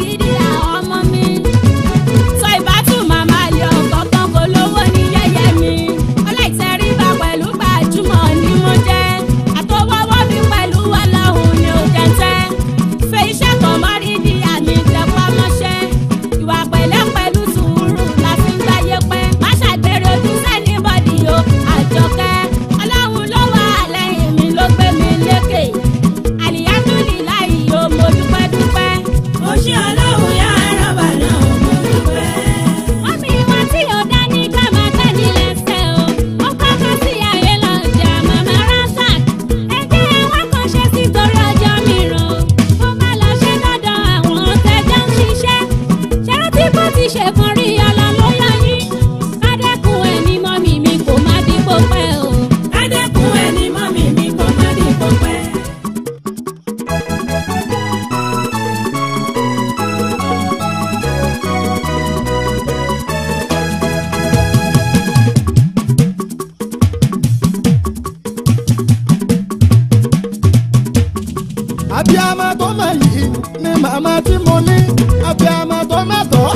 You. àbí àmàtọ́màtọ́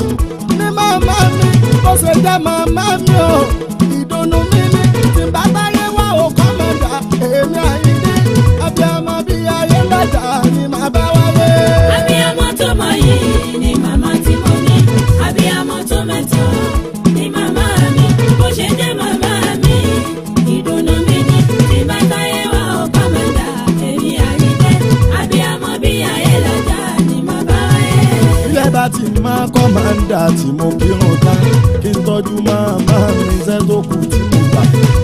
ní màmá mi kó ṣe jẹ́ màmá mi o. dáńdà tí mo kírun ta kí n tọ́jú màmá mi iṣẹ́ tó kù tí mo gbà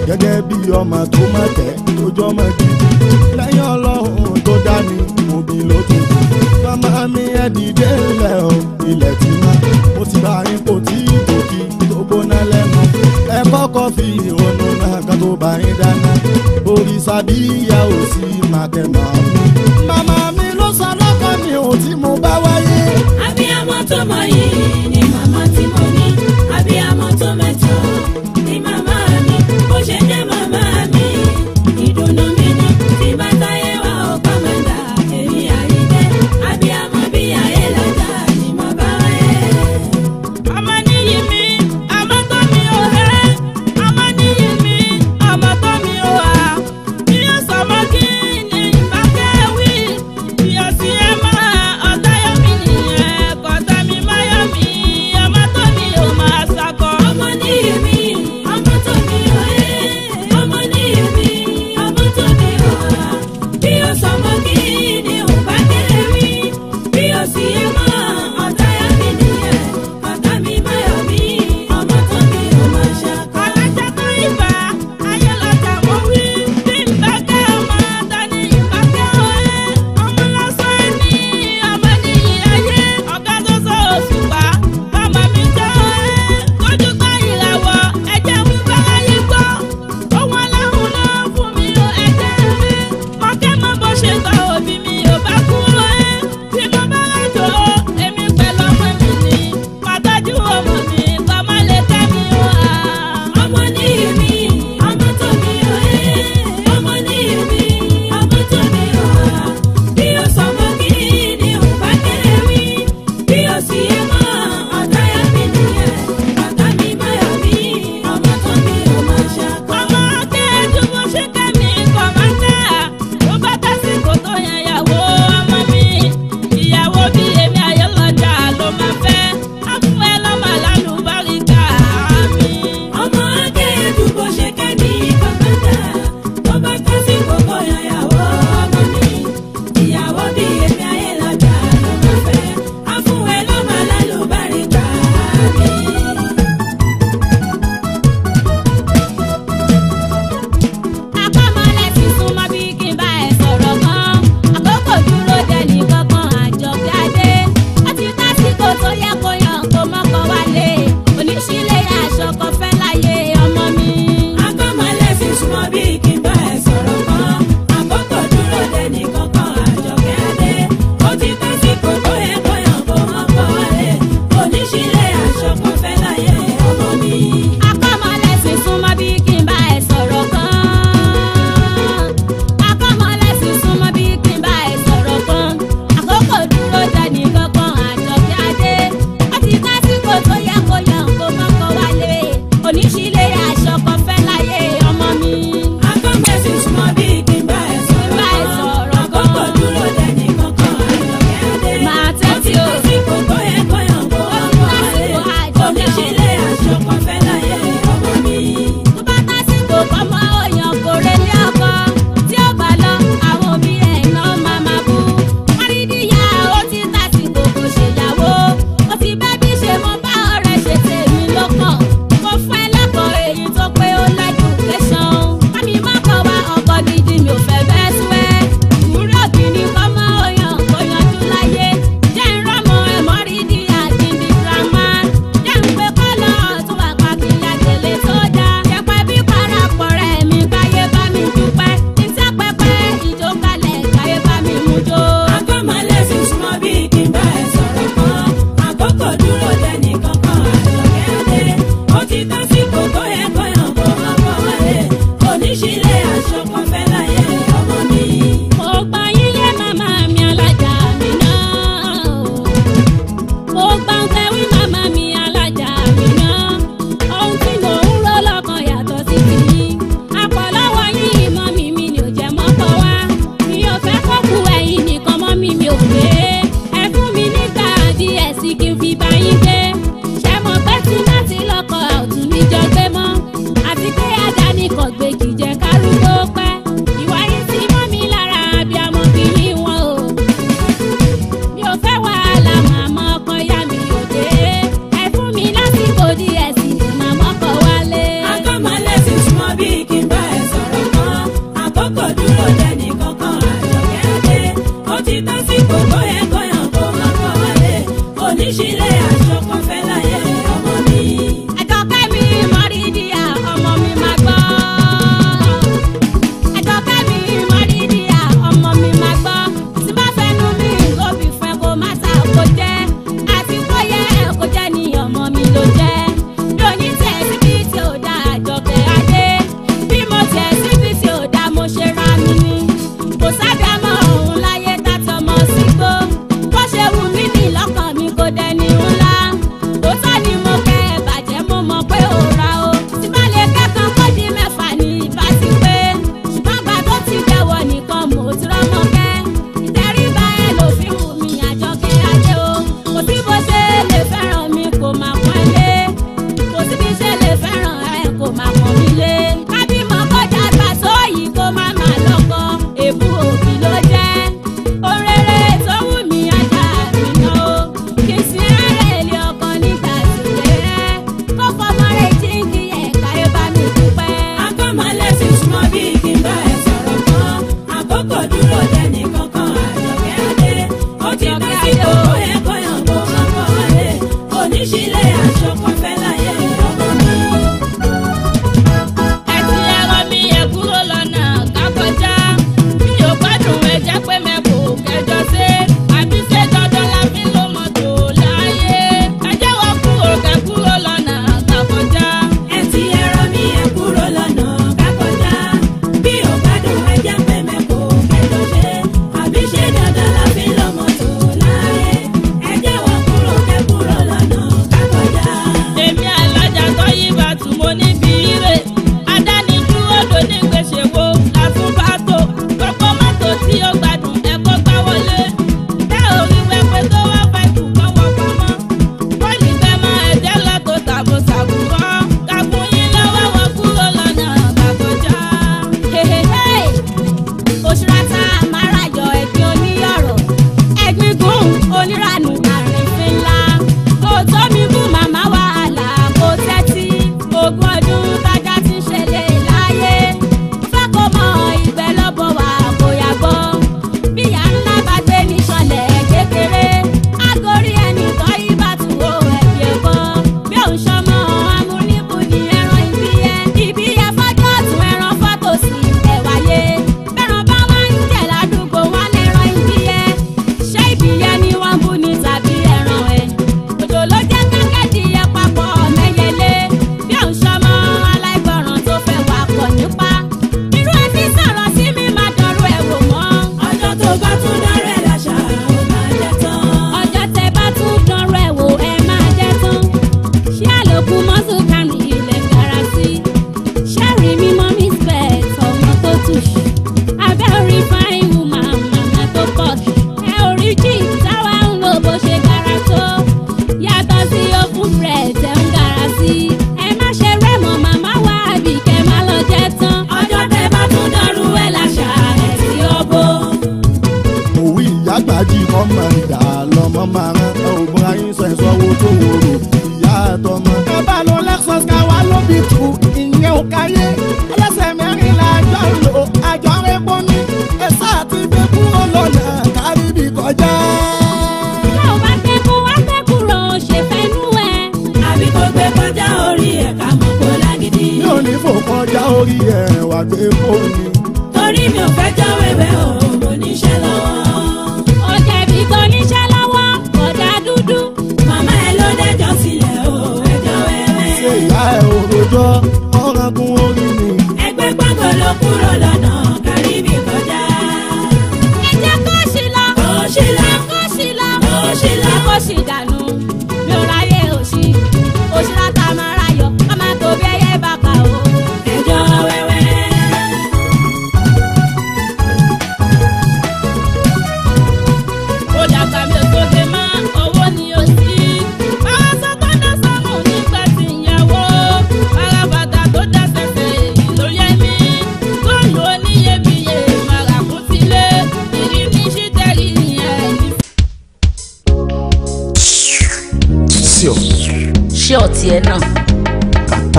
gẹ́gẹ́ bí ọmọ tó má tẹ́ tójú ọmọ gidi lẹ́yìn ọlọ́run tó dá mi mo bí lójú màmá mi ẹ dìde ilẹ̀ o ilẹ̀ ti má mo ti bá yín kò tí ìbòkì tó gbóná lẹ́nu ẹ kọ́kọ́ fi ìrònú náà ká tó bá yín dáná orí sábíyá ò sí màkẹ́ màmá.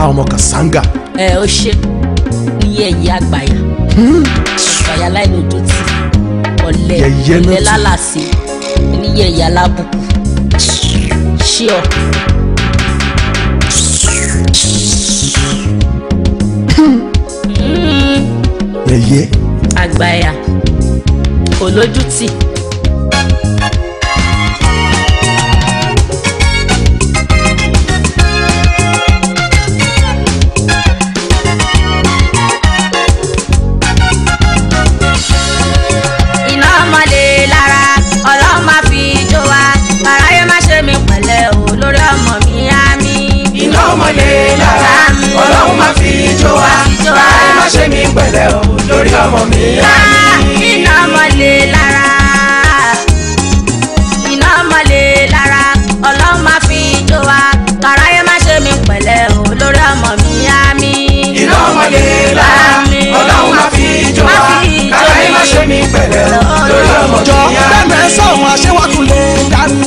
àwọn ọmọ kàṣáńgà. ẹ ó ṣe iye ẹ̀yẹ àgbàyà hmm. àgbàyà láìní odò tí ọ̀lẹ́ ọ̀lẹ́ lálàsì oníyẹ ẹ̀yẹ alábùkù ṣé ọ. ẹ̀yẹ. àgbàyà olójútì. ọlọ́run mọ̀ lè yàrá ọlọ́run máa fi jó wa báyìí má ṣe mí pẹ̀lẹ́ o lórí ọmọ mi. iná mọ̀ lára iná mọ̀ lára ọlọ́run máa fi jó wa kàráyé má ṣe mí pẹ̀lẹ́ o lórí ọmọ mi àmì. iná mọ̀ lára ọlọ́run máa fi jó wa kàráyé má ṣe mí pẹ̀lẹ́ o lórí ọmọ mi àmì. jọ bẹ́ẹ̀ mẹ́sàn-án àwọn aṣẹ́wàtúndé dání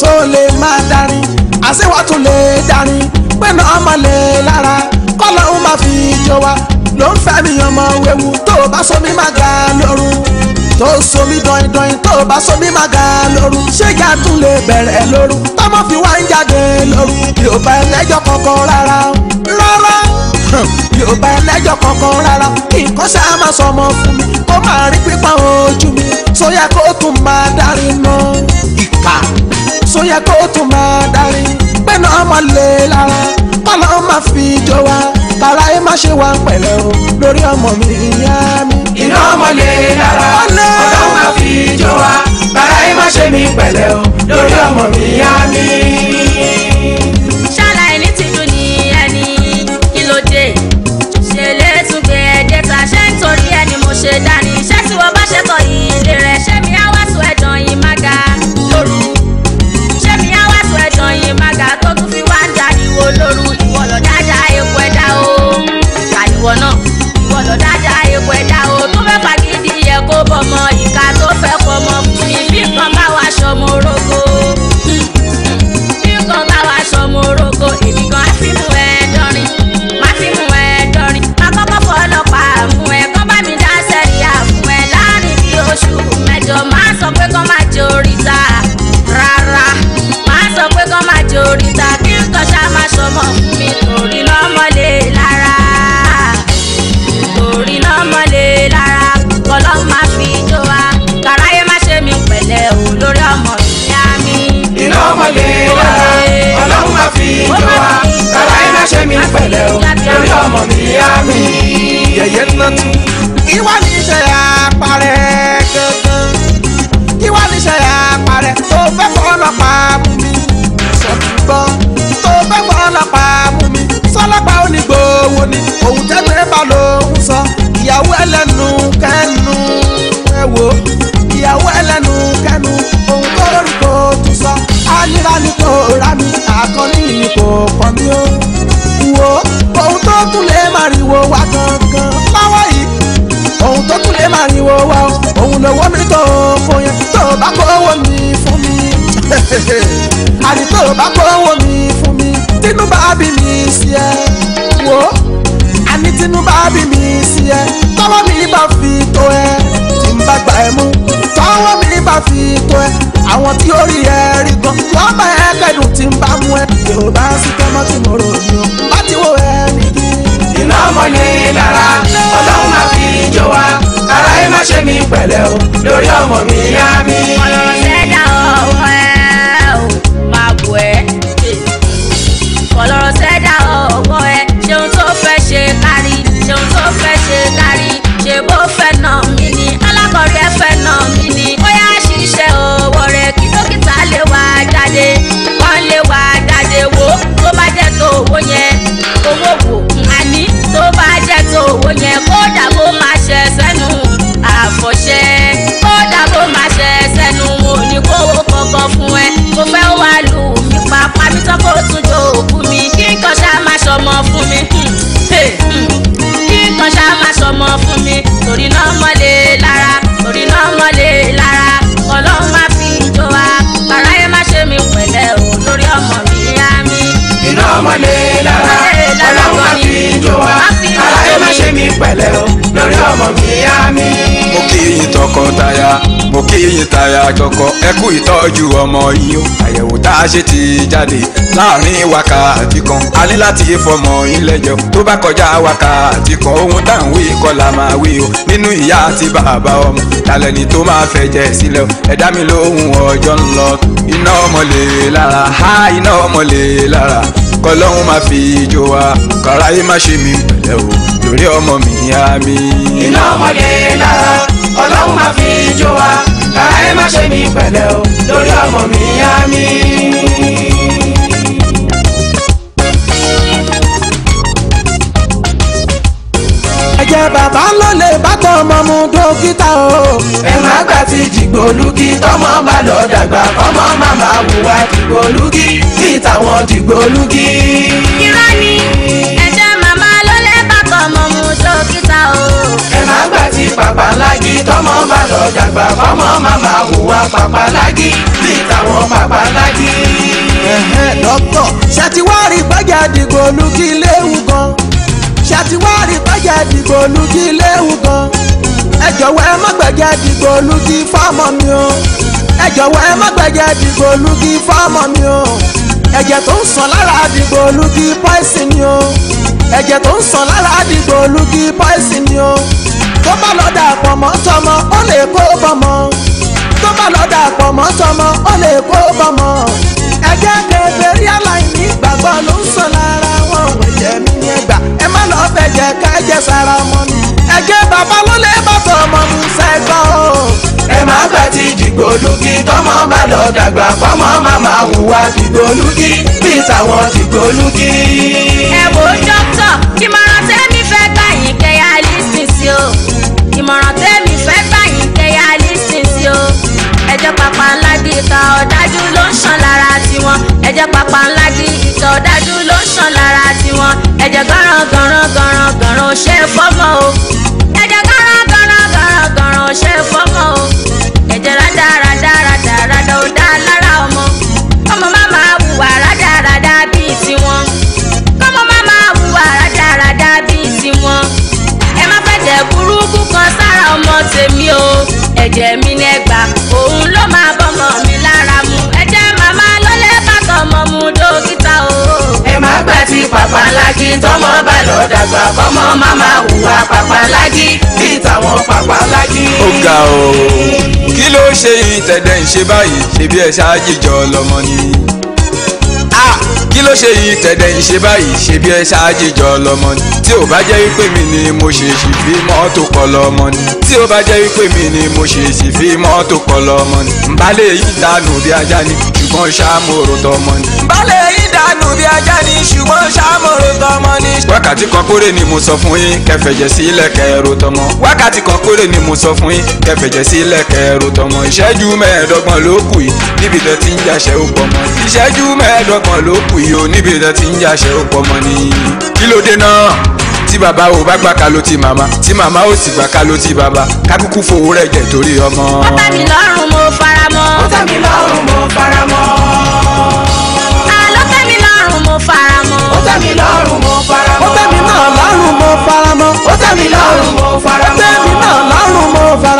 tó lè máa darí àṣẹ́wàtúndé dání pẹ̀nà ọmọlẹ̀ lára kọ́lọ́ ń máa fi jó wa ló ń fẹ́ mi ọmọ wewu tó o bá somi máa ga lóru tó o somi dọ̀yìndọ̀yìn tó o bá somi máa ga lóru ṣé ìyá tún lè bẹ̀rẹ̀ lóru tọ́mọ fi wá ń jáde lóru yóò bá ẹlẹ́jọ́ kankan rárá rárá yóò bá ẹlẹ́jọ́ kankan rárá nǹkan ṣáà máa sọmọ fún mi kó máa rí pípọ́n ojú mi sóyá kó tún máa dárí náà ìkà sóyá kó tún máa dárí náà pẹ́ náà mọ̀ lé lára kọ́lọ́ máa fi jó wa tààrà ẹ má ṣe wá pẹ̀lẹ́ o lórí ọmọ mi ìyá mi. iná ọmọ lè lára ọlọ́run máa fi jó wa tààrà ẹ má ṣe mi pẹ̀lẹ́ o lórí ọmọ mi ìyá mi. òyìnbó ìyàwó ẹlẹ́nu kẹ́nu òun kó lórúkọ tún sọ ánira ni kò rà mí àkọ́ní ni kò kọ́ mí ó wo òun tó tún lè má rí wo wá gangan láwọ̀ yìí òun tó tún lè má rí wo wá òun lọ́wọ́ mi tó fún yẹn tó bá kó mi fún mi àní tó bá kó mi fún mi tínú bá bí mi sí ẹ wo àní tínú bá bí mi sí ẹ tọ́wọ́ mi bá fi tó ẹ bá gbà ẹ́ mú tọ́wọ́ mi bá fi tó ẹ àwọn tí ó rí ẹ rí gan wọ́n bá ẹ kẹ́dùn tí ń bá mú ẹ yorùbá sí tọ́mọ́ tí mo rò ní o bá ti wo ẹ nìdí. iná ọmọ ní lára ọlọ́run máa fi jó wa kàrá ẹ má ṣe mí pẹ̀lẹ́ o lórí ọmọ mi yá mi. ọ̀rọ̀ ṣẹ̀dá ẹ kú ìtọ́jú ọmọ yìí o àyẹ̀wò tá a ṣe ti jáde láàrin wákàtí kan a ní láti fọmọ ìlẹ́jọ tó bá kọjá wákàtí kan ohun tá à ń wí kọ́ la máa wí o nínú ìyá àti bàbá ọmọ dalẹ̀ ni tó máa fẹ̀jẹ̀ sílẹ̀ o ẹ̀dá mi lóhùn ọjọ́ ń lọ iná ọmọ lára ha iná ọmọ lára kọlọ́hún máa fi ijó wa kàráyé má ṣe mi pẹ̀lẹ́ o lórí ọmọ mi àmì. iná ọmọ lára kọlọ́hún máa fi ijó wa bàbá ẹ má ṣe mí pẹ̀lẹ́ o lórí ọmọ mi á mi. ẹ̀jẹ̀ bàbá ló lè bá tọmọ mu dókítà o. ẹ má gbà tí jìgbólúgi tọmọ bá lọ dàgbà ọmọ màmá wùwà jìgbólúgi bí tàwọn jìgbólúgi. irọ́ pàpàlágì tọmọ má lọ dàgbà fọmọ má má hùwà pàpàlágì bí tàwọn pàpàlágì. dókítà ṣàtiwárí gbọ́jà dìgbò olú kí léwu gan ṣàtiwárí gbọ́jà dìgbò olú kí léwu gan ẹ jọ̀wọ́ ẹ má gbọ́jà dìgbò olú kí fọ́mọ mi o ẹ jọ̀wọ́ ẹ má gbọ́jà dìgbò olú kí fọ́mọ mi o ẹ̀jẹ̀ tó ń sàn lára àdìgbò olùkí pọ́ìsì ni o ẹ̀jẹ̀ tó ń sàn lára àdìgbò olùkí pọ́ìsì ni o tó bá lọ dà pọ̀ mọ́ sọmọ ó lè kó bọ́mọ tó bá lọ dà pọ̀ mọ́ sọmọ ó lè kó bọ́mọ ẹgbẹ́ kẹfẹ́rí aláìní gbàgbọ́ ló ń sọ lára wọn wẹ̀jẹ̀ mi ní ẹgbà ẹ má lọ bẹ̀jẹ̀ ká jẹ́ sára ọmọ mi ẹgbẹ́ bàbá ló lè bàtọ̀ ọmọ mi sẹ́gbọ́n o. ẹ má gbà tí jìgbólúkì tọmọ bá lọ dàgbà fọmọ má má hùwà jìgbólúkì bí tàwọn jìgbólúkì. ẹ̀jẹ̀ pàpà ńlá di ìtọ̀dájú ló ń ṣàn lára tiwọn ẹ̀jẹ̀ gọ́ràn gọ́ràn gọ́ràn gọ́ràn ò ṣe é fọ́mọ́ o ẹ̀jẹ̀ gọ́ràn gọ́ràn gọ́ràn gọ́ràn ò ṣe é fọ́mọ́ o ẹ̀jẹ̀ rádaràdà rádaràdà ò dá lára ọmọ ọmọ má máa hùwà rádaràdà bíi tiwọn ọmọ má máa hùwà rádaràdà bíi tiwọn ẹ má fẹ̀jẹ̀ burúkú kan sára ọmọ tèmi o ẹ̀jẹ̀ mi. pàpàǹlágì tọmọ bá lọ dàgbà kọmọ máma hùwà pàpàǹlágì bí tàwọn pàpàǹlágì. ó ga o kí ló ṣe ìtẹ̀dẹ̀ ń ṣe báyìí ṣebí ẹ ṣáájíjọ lọmọ ni. kí ló ṣe ìtẹ̀dẹ̀ ń ṣe báyìí ṣebí ẹ ṣáájíjọ lọmọ ni. tí ò bá jẹ́ wípé mi ni mo ṣe sì fi mọ́tò kọ lọmọ ni. tí ò bá jẹ́ wípé mi ni mo ṣe sì fi mọ́tò kọ lọ́mọ ni. ń bá lè dànù bí ajá ni ṣùgbọ́n ṣàmòrò tọmọ ni. balẹ̀ yín dànù bí ajá ni ṣùgbọ́n ṣàmòrò tọmọ ni. wákàtí kan péré ni mo sọ fún yín kẹfẹ̀jẹ̀ sílẹ̀ kẹrù tọmọ. wákàtí kan péré ni mo sọ fún yín kẹfẹ̀jẹ̀ sílẹ̀ kẹrù tọmọ. ìṣẹ́jú mẹ́ẹ̀ẹ́dọ́gbọ̀n ló kù yìí níbi tẹ́ ti ń jàṣẹ́ ó pọ̀ mọ́. ìṣẹ́jú mẹ́ẹ̀ẹ́dọ́gbọ̀n ló ti ń jàṣẹ́ ó pọ̀ mọ́ ni. kí ló dé náà tí bàbá ò bá gbà ká ló ti màmá tí màmá ò sì gbà ká ló ti bàbá kákúkú fowó rẹ̀ jẹ torí ọmọ. ọ̀tá mi lọ́rùn mo fara ó tẹ́ mi lọ́rùn mo fara mọ́. àlọ́ tẹ́ mo fara mọ́. ó tẹ́ mi lọ́rùn mo fara mọ́. ó tẹ́ mi fara mọ́. ó tẹ́ mi mo fara mọ́. ó fara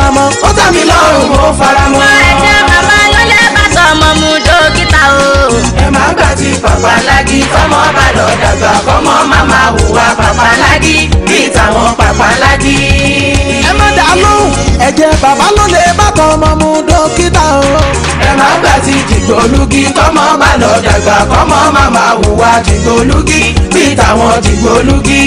mo fara mọ́. ẹ̀jẹ̀ bàbá lọ́lẹ́ bàtà ọmọ mu o. ẹ má gbà tí pàpà lági fọmọ bá lọ dàgbà fọmọ màmá hùwà papa lagi. bí tàwọn pàpà lági dá lóhùn ẹ̀jẹ̀ bàbá ló lè bá tọ́ mu dókítà o. ẹ má gbà tí jìgbólúgi kọ́mọ má lọ dàgbà kọ́mọ má má hùwà jìgbólúgi bí tàwọn jìgbólúgi.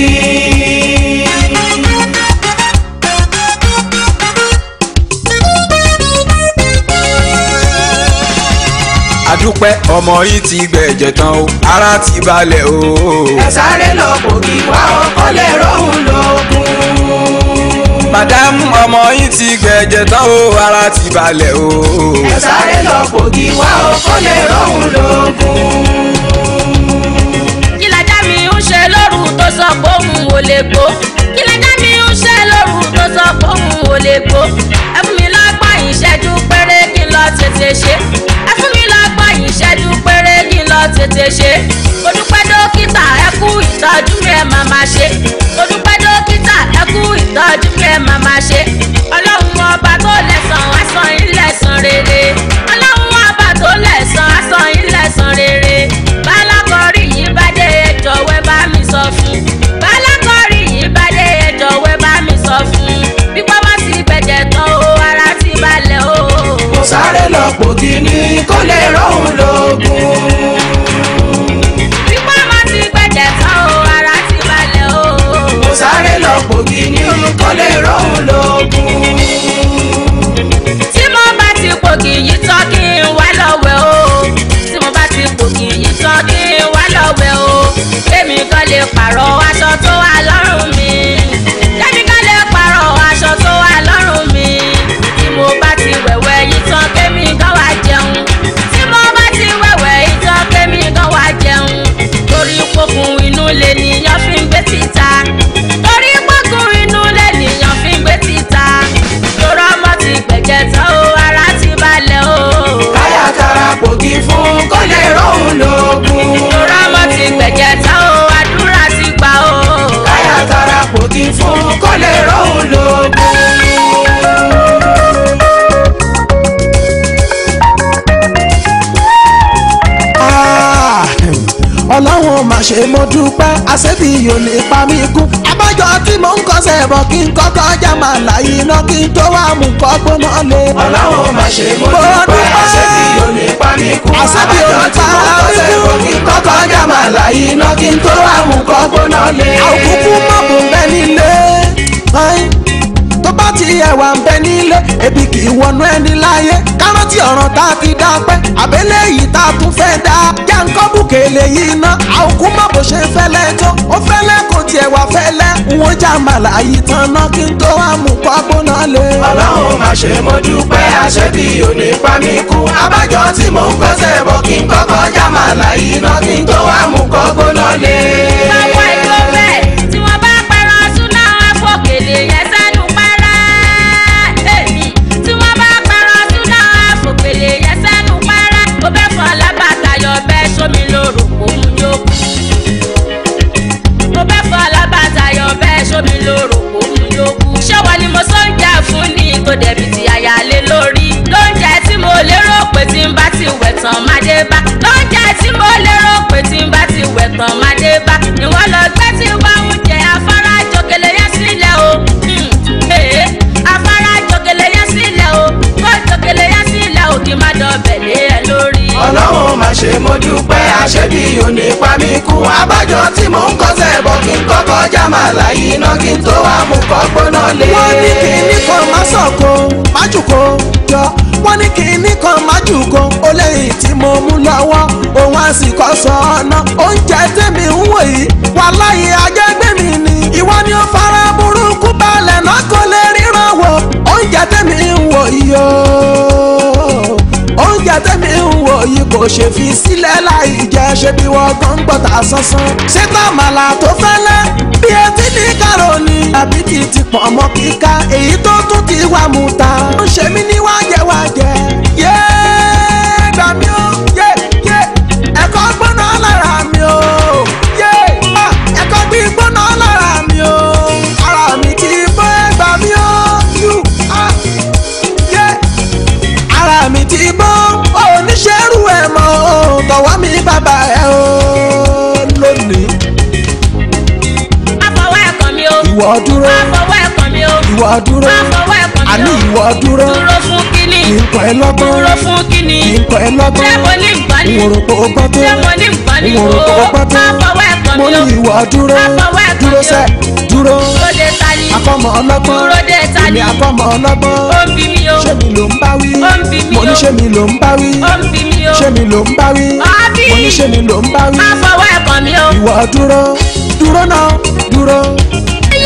adúpẹ́ ọmọ yìí ti gbẹ̀jẹ̀ tán o ara ti balẹ̀ o. ẹ sáré lọ kò kí wá ọkọ lè rọrùn lóògùn. bàdá ọmọ yín ti gẹ̀jẹ̀ tán o ara ti balẹ̀ o. ẹ sáré lọ pògì wá o kó lè rọrùn lóògùn. kí lajá mi ń ṣe lóru tó sọ pé òun ò lè gbó kí lajá mi ń ṣe lóru tó sọ pé òun ò lè gbó ẹ fún mi lọ́gbọ̀n ìṣẹ́jú péré kí n lọ tètè ṣe ẹ fún mi lọ́gbọ̀n ìṣẹ́jú péré kí n lọ tètè ṣe mo dúpẹ́ dókítà ẹ kú ìtọ́jú rẹ̀ màmá ṣe mo dúpẹ́ dókítà ẹ kú ìtọ́jú kẹ́ ẹ máa máa ṣe ọlọ́run ọba tó lẹ̀san aṣọ yín lẹ̀san rere ọlọ́run ọba tó lẹ̀san aṣọ yín lẹ̀san rere bálákọ̀rí yìí bá dé ẹ jọ̀wọ́ ẹ bá mi sọ fún bálákọ̀rí yìí bá dé ẹ jọ̀wọ́ bá mi sọ fún bí pápá ti bẹ̀jẹ̀ tán o ara ti balẹ̀ o. kò sáré lọ pò kíní kó lè rọrùn lóògùn. kò lè rọrùn lóògùn. tí mo bá ti pò kì í tọ́ kí n wá lọ́wẹ́ o tí mo bá ti pò kì í tọ́ kí n wá lọ́wẹ́ o èmi kan lè pààrọ̀. dúpẹ́ àṣẹ́bí yóò lè pa mí kú. abájọ tí mò ń kọsẹ̀ bọ̀ kí n kọ́kọ́ já máa láyé iná kí n tó wá mú kọ́ gbóná lé. ọlọ́run má ṣe mo dúpẹ́ àṣẹ́bí yóò lè kú. àṣẹ́bí yóò lè kú. kọ́kọ́ já máa láyé iná kí n tó wá mú kọ́ gbóná lé. àkókò mọ̀ bò ń nílé rántí ẹwà ń bẹ nílé ebi kì í wọnú ẹni láyé ká ọ̀ràn tá a ti dá pẹ́ àbẹ́lẹ̀ yìí tá a tún fẹ́ dá já ń kọ́ bùkèlè yìí ná àòkú mọ̀ bó ṣe fẹ́lẹ́ tó ó fẹ́lẹ́ kò tiẹ̀ wà fẹ́lẹ́ wọn já màlà yìí tán ná kí n tó àmùkọ́ gbóná lé. ọlọ́run má ṣe mo dúpẹ́ àṣẹbí òní pa mí kú abájọ tí mò ń gbọ́sẹ̀ bọ̀ kí n kọ́kọ́ já màlà yìí ná kí n tó àmùkọ́ gbóná lé. sómi lóró òun ló kú. ṣọ́wọ́ ni mo sọ ń jà fún ni tó dẹ̀bi ti àyàlé lórí. lóúnjẹ tí mo lérò pé tí n bá ti wẹ̀ tán má dé bá. lóúnjẹ tí mo lérò pé tí n bá ti wẹ̀ tán má dé bá. ni wọ́n lọ àṣé mo dúpẹ́ àṣé bí òní pa mí kú abájọ tí mò ń kọsẹ̀ bọ̀ kí n kọ́kọ́ jàmà láyé iná kí n tó wá gbóná lé. wọ́n ní kí ní kan má sọ̀kò má yọ wọ́n ní kí ní kan má ó lẹ́yìn tí mo mú lọ́wọ́ òun àsìkò sọ ọ̀nà oúnjẹ tèmi ń wò yìí wà láyé ajẹ́gbẹ́ mi ni ìwọ ni ó fara burúkú balẹ̀ náà kò lè ríran wò oúnjẹ tèmi ń wò yìí o oúnjẹ tèmi ṣe fi sílẹ̀ láì jẹ́ ṣe bí wọ́n gan gbọ́ta sánsán. ṣé tàmàlà tó fẹ́lẹ́ bí etí ní kàròní. àbí kì í ti pọ̀ ọmọ kíká èyí tó tún ti wà mú ta. ó ń ṣe mí ní wájẹwájẹ yéé gbà ó yé. ìwọ dúró. má fọwọ́ ẹ̀kọ́ mi o. ìwọ dúró. má fọwọ́ ẹ̀kọ́ mi o. àní ìwọ dúró. dúró fún kíni. nǹkan ẹ lọ́gbọ́n. dúró fún kíni. nǹkan ẹ lọ́gbọ́n. ṣé mo ní nǹkan ni. ìwòrò kò gbọ́ tó. ṣé mo ní nǹkan ni. ìwòrò kò gbọ́ tó. má fọwọ́ ẹ̀kọ́ mi o. mo ní ìwọ dúró. má fọwọ́ ẹ̀kọ́ mi o. dúró sẹ́ dúró. dúró de èmi akọ́mọ ọlọ́gbọ́n. ṣé mi ló ń bá wí. mo ní ṣé mi ló ń bá wí. ṣé mi ló ń bá wí. mo ní ṣé mi ló ń bá wí. má dúró dúró náà dúró.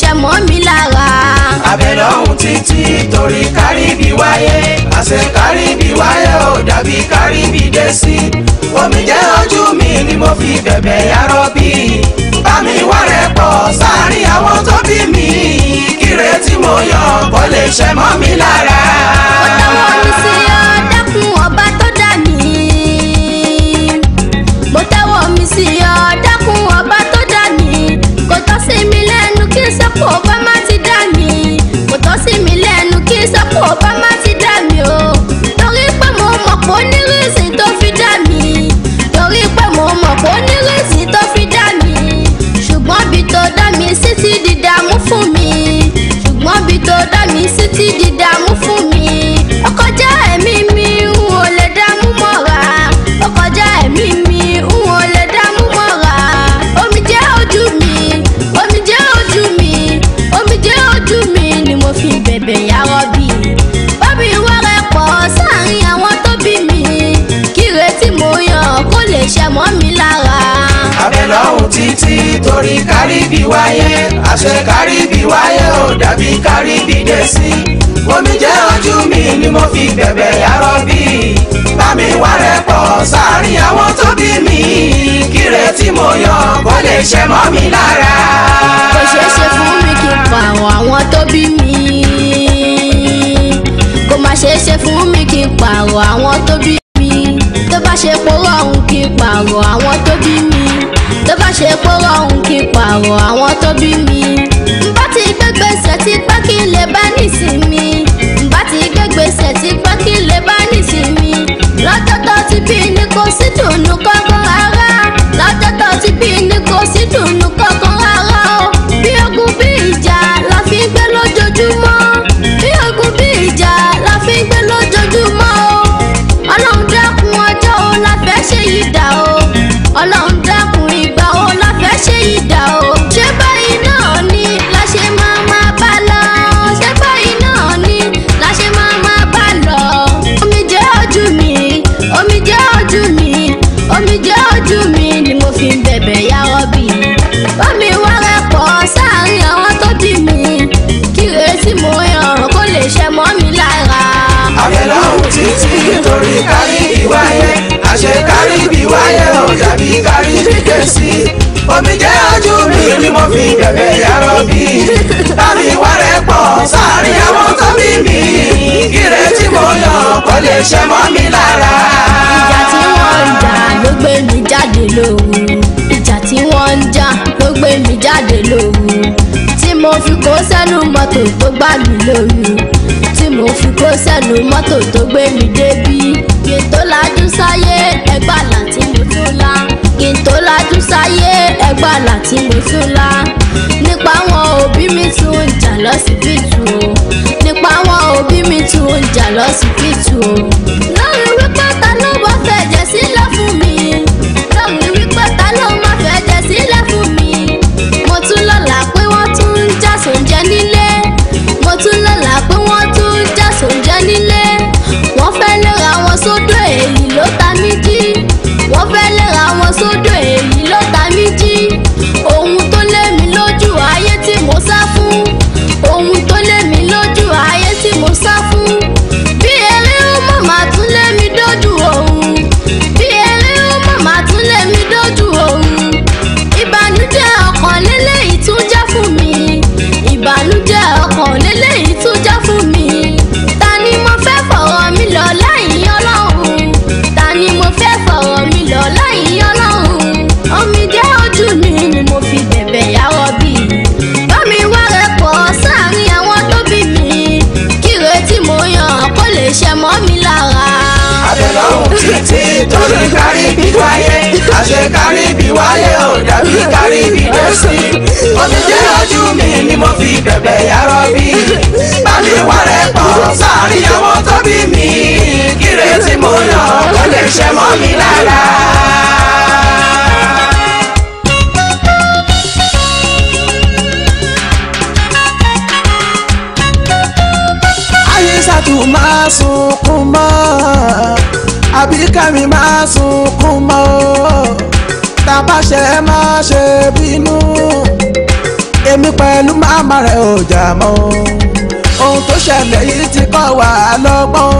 ṣe mọ́ mi lára. àbẹ̀rẹ̀ ọ̀hún títí torí Káríbì wáyé àṣẹ Káríbì wáyé ò dàbí Káríbì dé sí. omijé ojú mi ni mo fi bẹ̀bẹ̀ yarọ bí. bá mi wá rẹ̀ pọ̀ sáàrin àwọn tó bí mi. kíre tí mo yàn kó lè ṣe mọ́ mi lára. ọ̀dọ́ mo tẹ́wọ́ mi sí ọ́ dákun ọba kí sọ́pọ̀ Obama ti dá mi kò tọ́ sí mi lẹ́nu kí sọ́pọ̀ Obama káríbì wáyé àṣẹ káríbì wáyé ò dàbí káríbì dé sí omijé ojú mi ni mo fi bẹ̀bẹ̀ yàrá bí bá mi wá rẹ́pọ̀ sáàrin àwọn tó bí mi kíre tí mo yọ kó lè ṣe mọ́ mi lára. kò ṣeé ṣe fún mi kí n pa àwọn tó bí mi kò má ṣeé ṣe fún mi kí n pààrọ̀ àwọn tó bí mi tó bá ṣe pọ̀ kí n pààrọ̀ àwọn tó ṣe pọ́wọ́ òun kí n pààrọ̀ àwọn tó bí mi. bá ti gbégbèsè tí pẹ́ kí n lè bá nísinmi. bá ti gbégbèsè tí pẹ́ kí n lè bá nísinmi. lọ́jọ́ tó ti bí ní kò sí dùnú kọ́kọ́. jáde lóru ìjà tí wọ́n ń jà ló gbé mi jáde lóru tí mo fi kó sẹ́nu mọ́tò tó gbà mí lóru tí mo fi kó sẹ́nu mọ́tò tó gbé mi débí kí n tó lajú sáyé ẹgbàlá tí mo tún la kí n tó lajú sáyé ẹgbàlá tí mo tún la. bẹ̀bẹ̀ yàrá bí bámi pọ̀ sáàrin àwọn tó bí mi kíre tí mo yàn kó lè ṣe mọ́ mi lára. Àyíṣàtú máa sunkún mọ́ àbíkẹ́mi máa sunkún mọ́ tàbá ṣe máa ṣe èmi pẹ̀lú màmá rẹ̀ ò jà mọ́ ohun tó ṣẹlẹ̀ yìí ti kọ́ wà lọ́gbọ́n.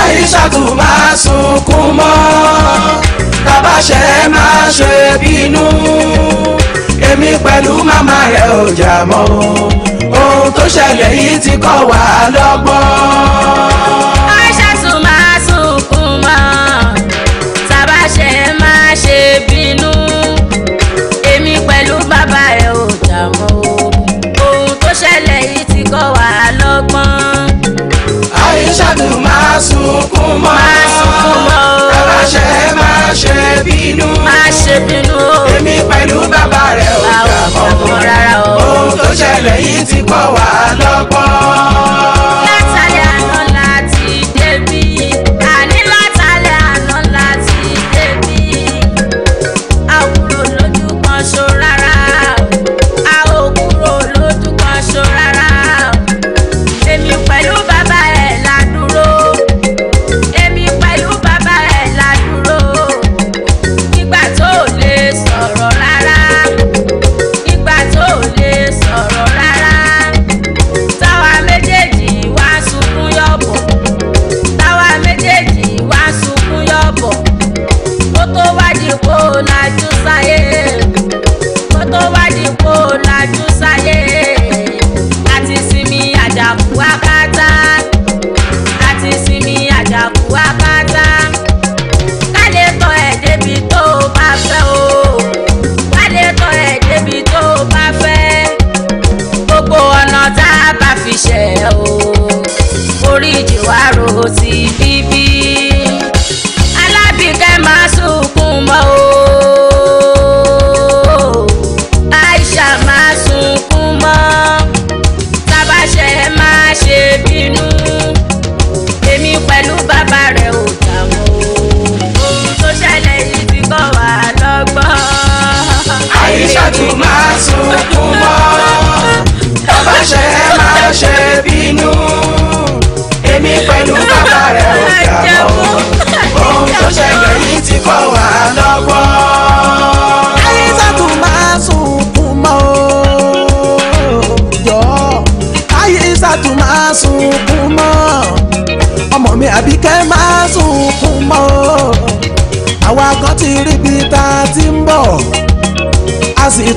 àyíṣàtù máa sunkún mọ́ bàbá ṣe máa ṣe bínú èmi pẹ̀lú màmá rẹ̀ ò jà mọ́ ohun tó ṣẹlẹ̀ yìí ti kọ́ wà lọ́gbọ́n. sunkún mọ́. má sunkún mọ́. bàbá ṣe má pẹ̀lú bàbá rẹ̀ ò jà mọ́. rárá o.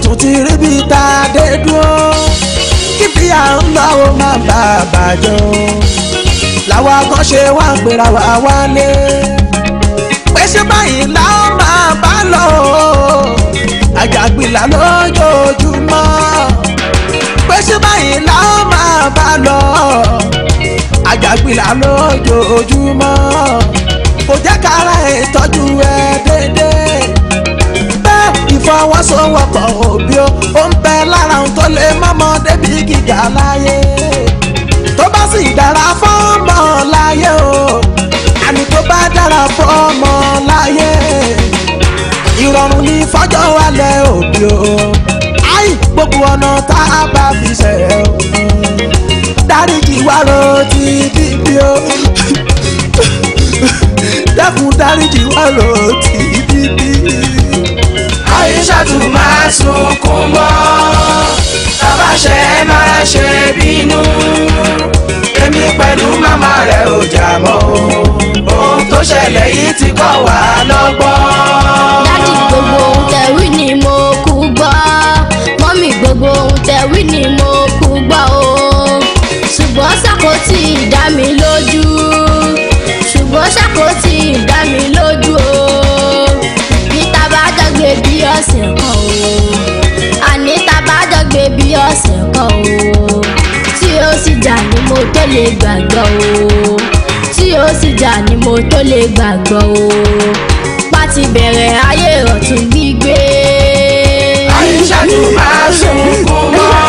tún ti rí bí tá a dé dúró kí bí à ń lọ ó máa bá a bàjẹ́ o làwa kan ṣe wá ń pera wá wálé pé ṣé báyìí la ó máa bá lọ àjàgbìlà lójoojúmọ́ pé ṣé báyìí la ó máa bá lọ àjàgbìlà lójoojúmọ́ kò jẹ́ kára ìtọ́jú ẹ déédéé ìfọwọ́sowọ́pọ̀ òbí ó ń bẹ lára ohun tó lè mọ́mọ́ débi gíga láyé tó bá sì dára fọ́mọ láyé o àní tó bá dára fọ́mọ láyé ìrọ̀rùn ní fọ́jọ́ alẹ́ òbí o áì gbogbo ọ̀nà tá a bá fi ṣẹ̀ o dáríjì wá ro ti bíbí o dákun dáríjì wá ro ti bíbí. Àìṣàtú máa sunkún mọ́ tàbáṣe máa ṣe bínú èmi pẹ̀lú màmá rẹ̀ ò jà mọ́ ohun tó ṣẹlẹ̀ yìí ti kọ́ wa lọ́gbọ́n. dádì gbogbo ohun tẹ̀wí ni mo kú gbọ́ mọ́mì gbogbo ohun tẹ̀wí ni mo kú gbọ́ o ṣùgbọ́n ṣàkóso ìdá mi lójú ṣùgbọ́n ṣàkóso ìdá mi lójú. ẹsẹ̀ kọ́ o tí ó sì jà ni mo tó lè gbàgbọ́ o tí ó sì jà ni mo tó lè gbàgbọ́ o bá ti bẹ̀rẹ̀ ayé ọ̀tún gbígbé. àyíṣà tún máa ṣòwò mọ́.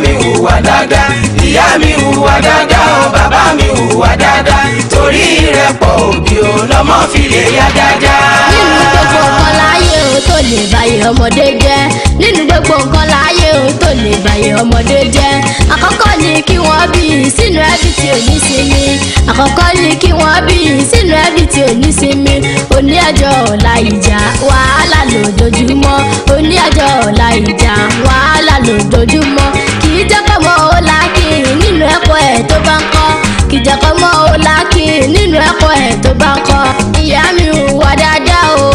mi hùwà dáadáa ìyá mi hùwà dáadáa o bàbá mi hùwà dáadáa torí ìrẹ́pọ̀ òbí o lọ́mọ fi lè yá dáadáa. nínú gbogbo nǹkan láyé o tó lè báyé ọmọdé jẹ́ nínú gbogbo nǹkan láyé o tó lè báyé ọmọdé jẹ́ àkọ́kọ́ ni kí wọ́n bí sínú ẹbí tí ò ní sinmi àkọ́kọ́ ni kí wọ́n bí sínú ẹbí tí ò ní sinmi òní ọjọ́ ọ̀la ìjà wàhálà lójoojúmọ́ òní ọjọ́ ọ̀la ìjà wàhálà lójoojúmọ́ nínú ẹ̀kọ́ ẹ̀ tó bá ń kọ́ kìjàkọ́ mọ́ o láàkì nínú ẹ̀kọ́ ẹ̀ tó bá ń kọ́ ìyá mi hùwà dáadáa o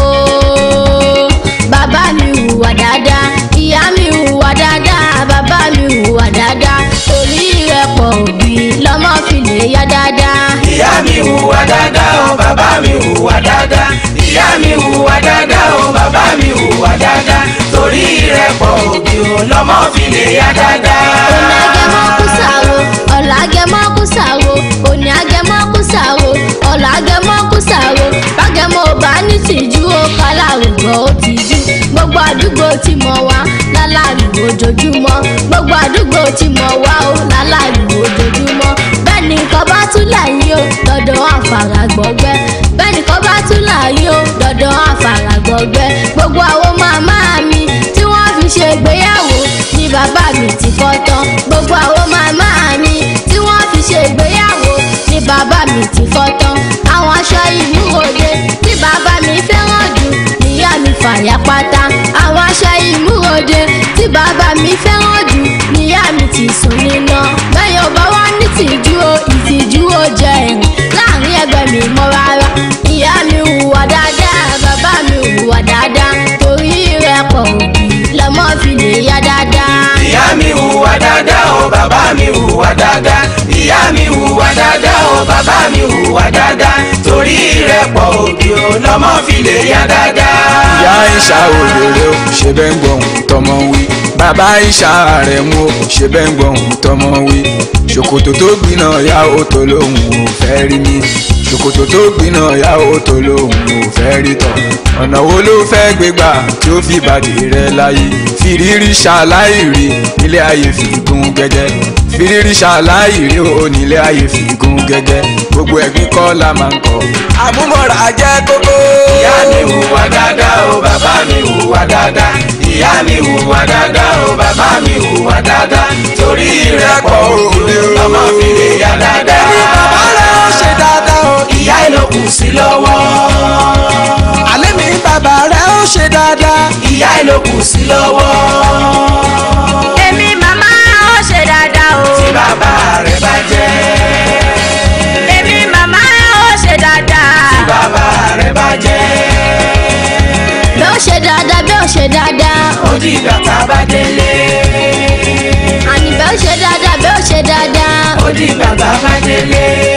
bàbá mi hùwà dáadáa ìyá mi hùwà dáadáa bàbá mi hùwà dáadáa torí ìrẹ́pọ̀ òbí lọ́mọ fi lè yá dáadáa. ìyá mi hùwà dáadáa o bàbá mi hùwà dáadáa ìyá mi hùwà dáadáa o bàbá mi hùwà dáadáa torí ìrẹ́pọ̀ òbí lọ́mọ fi lè yá dáadáa ọ̀la agẹmọ kú sàwo òní agẹmọ kú sàwo ọ̀la agẹmọ kú sàwo bágẹmọ ò bá ní tìjú ó kálárùgbọ́ ó tìjú gbogbo àdúgbò ti mọ̀ wá lálàrùn ojoojúmọ́ gbogbo àdúgbò ti mọ̀ wá ó lálàrùn ojoojúmọ́ bẹ́ẹ̀ ni nǹkan bá tún láyé o lọ́dọ̀ àfàrà gbọ́gbẹ́ ni nǹkan bá tún o lọ́dọ̀ àfàrà gbogbo àwọn màmá mi bàbá mi ti fọ́ tán àwọn aṣọ ìlú òde tí bàbá mi fẹ́ràn jù níyà mi fàyà pátá àwọn aṣọ ìlú òde tí bàbá mi fẹ́ràn jù níyà mi ti sùn níná bẹ́ẹ̀ ò bá wá ní tìjú o ìtìjú o jẹ ẹ̀rìn láàrin ẹgbẹ́ mi mọ́ rárá ìyá mi hùwà dáadáa bàbá mi hùwà dáadáa torí rẹ̀ pọ̀ òbí lọ́mọ́ fi lè yá dáadáa. ìyá mi hùwà dáadáa o baba mi hùwà dáadáa ìyá mi hùwà dáadáa o baba mi hùwà dáadáa torí ìrẹ́pọ̀ òbí o lọ́mọ fi lè yá dáadáa. ìyá ìṣà òrèrè o ṣe bẹ́ẹ̀ ń gbọ̀hún tọmọ wí bàbá ìṣà rẹ̀ mú o ṣe bẹ́ẹ̀ ń gbọ̀hún tọmọ wí ṣòkòtò tó gbiná ya o tó lóhùn ò fẹ́ rí mi ṣòkòtò tó gbiná yàwó tó lòun ò fẹ́ rí tọ̀ ọ̀nà wo ló fẹ́ gbégbà tí ó fi bàdé rẹ láyé fìrírí ṣàláìrí nílé ayé fi gún gẹ́gẹ́ fìrírí ṣàláìrí ò nílé ayé fi gún gẹ́gẹ́ gbogbo ẹ̀gbin kọ́ la máa ń kọ́. àmúmọ̀ra jẹ́ kókó. ìyá mi hùwà dáadáa o bàbá mi hùwà dáadáa ìyá mi hùwà dáadáa o bàbá mi hùwà dáadáa torí ìrẹ́pọ̀ òde ọmọ mi lè yá dáadáa ṣe dáadáa o ìyá ìlòkù sí lọ́wọ́. àlẹ́ mi bàbá rẹ̀ ó ṣe dáadáa ìyá ìlòkù sí lọ́wọ́. èmi màmá ó ṣe dáadáa o. tí bàbá rẹ̀ bá jẹ́. èmi màmá ó ṣe dáadáa. tí bàbá rẹ̀ bá jẹ́. bí ó ṣe dáadáa bí ó ṣe dáadáa. ó ìgbà tá a bá délé. àní bí ó ṣe dáadáa bí ó ṣe dáadáa. ó ìgbà tá a bá délé.